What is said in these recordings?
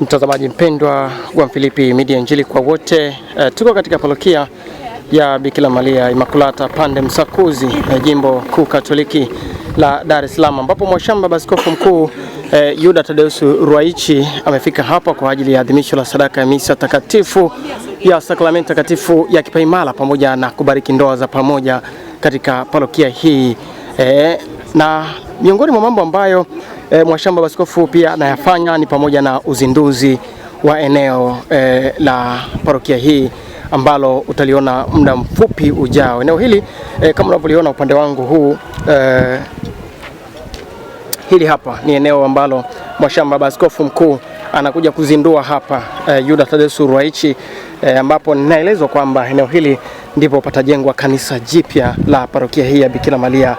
Mtazamaji mpendwa wa mfilipi Media, injili kwa wote. E, tuko katika parokia ya Bikira Maria Imakulata Pande Msakuzi, e, jimbo kuu Katoliki la Dar es Salaam, ambapo mwashamba baskofu Mkuu e, Yuda Tadeus ruaichi amefika hapa kwa ajili ya adhimisho la sadaka ya misa takatifu ya sakramenti takatifu ya kipaimara pamoja na kubariki ndoa za pamoja katika parokia hii e, na miongoni mwa mambo ambayo e, Mwashamba Baskofu pia anayafanya ni pamoja na uzinduzi wa eneo e, la parokia hii ambalo utaliona muda mfupi ujao. Eneo hili e, kama unavyoliona upande wangu huu e, hili hapa ni eneo ambalo Mwashamba Baskofu mkuu anakuja kuzindua hapa e, Yuda Tadeus Ruwa'ichi e, ambapo ninaelezwa kwamba eneo hili ndipo patajengwa kanisa jipya la parokia hii ya Bikira Maria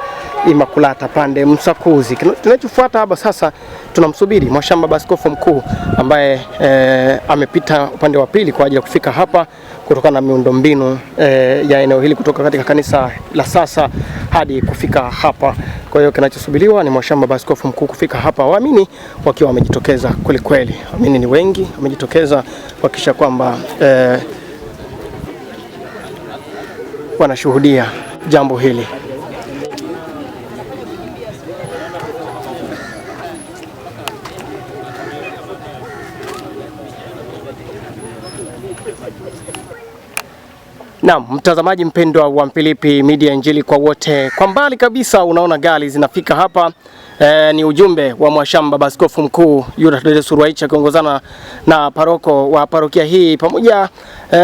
Imakulata Pande Msakuzi. Kinachofuata hapa sasa, tunamsubiri mwashamba baskofu mkuu ambaye e, amepita upande wa pili kwa ajili ya kufika hapa kutokana na miundombinu e, eh, ya eneo hili kutoka katika kanisa la sasa hadi kufika hapa. Kwa hiyo kinachosubiriwa ni mwashamba baskofu mkuu kufika hapa, waamini wakiwa wamejitokeza kweli kweli. Waamini ni wengi, wamejitokeza kuhakikisha kwamba e, wanashuhudia jambo hili. Naam, mtazamaji mpendwa wa Mpilipi Media Injili kwa wote, kwa mbali kabisa unaona gari zinafika hapa E, ni ujumbe wa Mwashamba Baba Askofu Mkuu Yudas Ruwa'ichi akiongozana na paroko wa parokia hii pamoja e,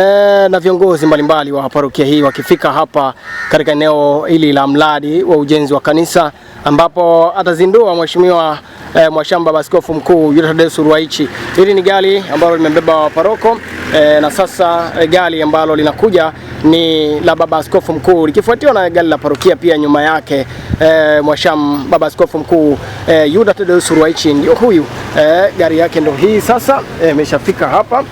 na viongozi mbalimbali wa parokia hii wakifika hapa katika eneo hili la mradi wa ujenzi wa kanisa ambapo atazindua Mheshimiwa e, eh, Mwashamba Baba Askofu Mkuu Yudas Ruwa'ichi. Hili ni gari ambalo limebeba paroko e, na sasa e, gari ambalo linakuja ni la Baba Askofu Mkuu likifuatiwa na gari la parokia pia nyuma yake e, mwasham Baba Askofu Mkuu e, Yuda Thaddeus Ruwaichi ndio huyu e, gari yake ndio hii sasa imeshafika e, hapa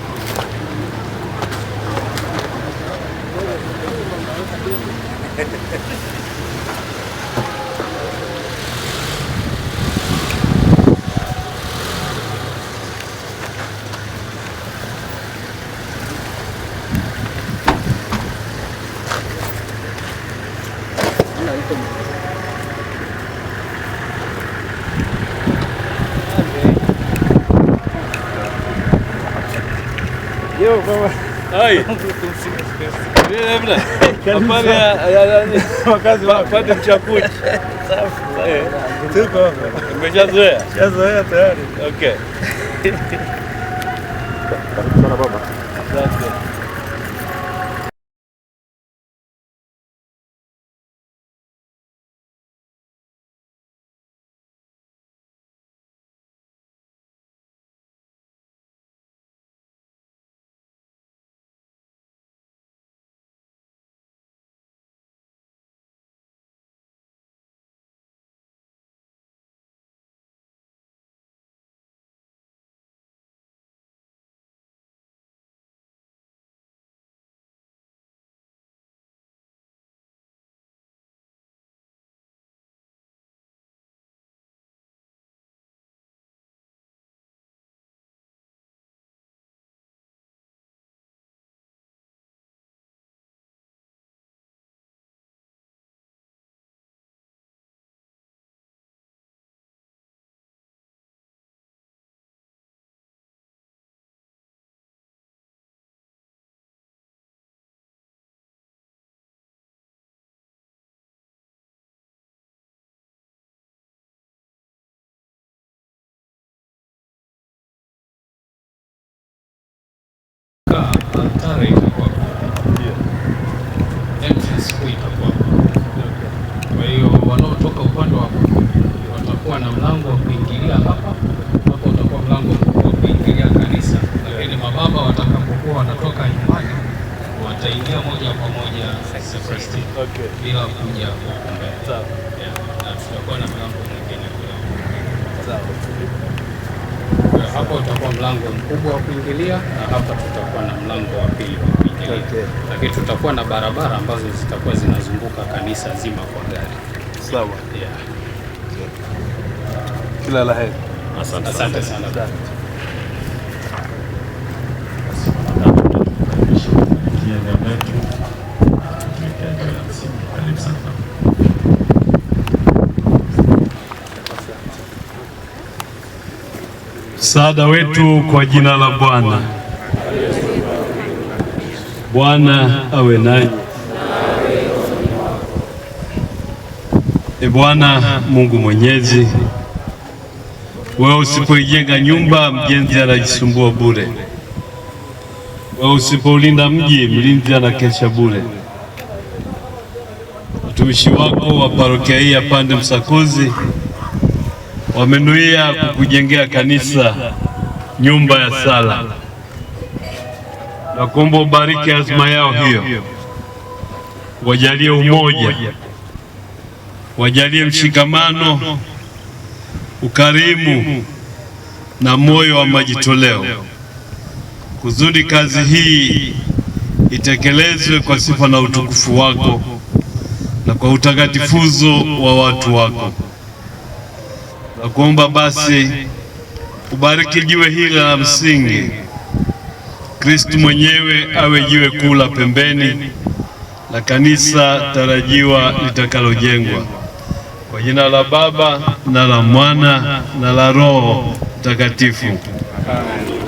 também. Eu vou. Ai! Lembra? Apare é, é, é, de ceapuci. Tu cum? Pe ceazuia. Ceazuia, tare. Ok. Să la baba. Da, da. kuja Hapa utakuwa mlango mkubwa wa kuingilia na hapa tutakuwa na mlango wa pili wa kuingilia. Okay. Lakini tutakuwa na barabara ambazo zitakuwa zinazunguka kanisa zima kwa gari. Sawa. Yeah. Kila la heri. Asante, asante sana. Asante. msaada wetu kwa jina la Bwana. Bwana awe nanyi. E Bwana Mungu Mwenyezi, wewe usipoijenga nyumba, mjenzi anajisumbua bure. Wewe usipoulinda mji, mlinzi anakesha bure. Watumishi wako wa parokia hii ya Pande Msakuzi wamenuia kukujengea kanisa, nyumba ya sala, na kuomba ubariki azma yao hiyo, wajalie umoja, wajalie mshikamano, ukarimu na moyo wa majitoleo, kuzudi kazi hii itekelezwe kwa sifa na utukufu wako na kwa utakatifuzo wa watu wako na kuomba basi ubariki jiwe hili la msingi, Kristu mwenyewe awe jiwe kuu la pembeni la kanisa tarajiwa litakalojengwa kwa jina la Baba na la Mwana na la Roho Mtakatifu. Amen.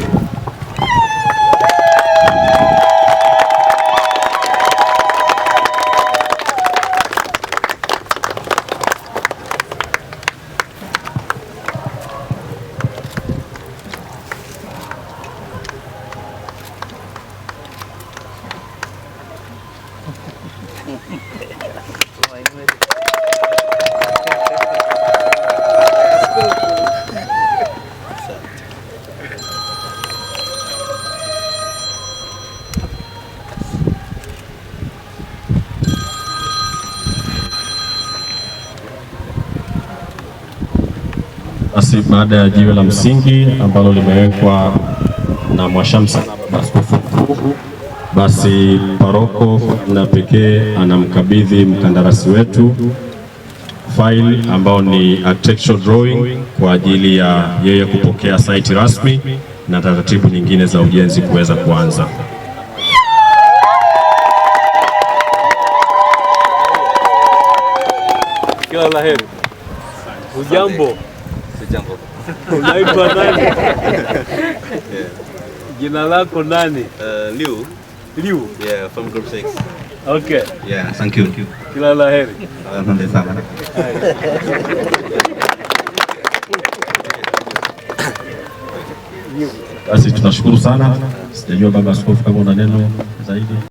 sisi baada ya jiwe la msingi ambalo limewekwa na Mwashamsa Askofu Mkuu, basi paroko na pekee anamkabidhi mkandarasi wetu file ambao ni architectural drawing kwa ajili ya yeye kupokea site rasmi na taratibu nyingine za ujenzi kuweza kuanza. Kila la heri. Hujambo? Naitwa nani? yeah. Jina lako nani? Uh, Liu. Liu. Yeah, from group 6. Okay. Yeah, thank you. Kila la heri. Asante sana. Basi tunashukuru sana. Sijajua baba askofu kama una neno zaidi.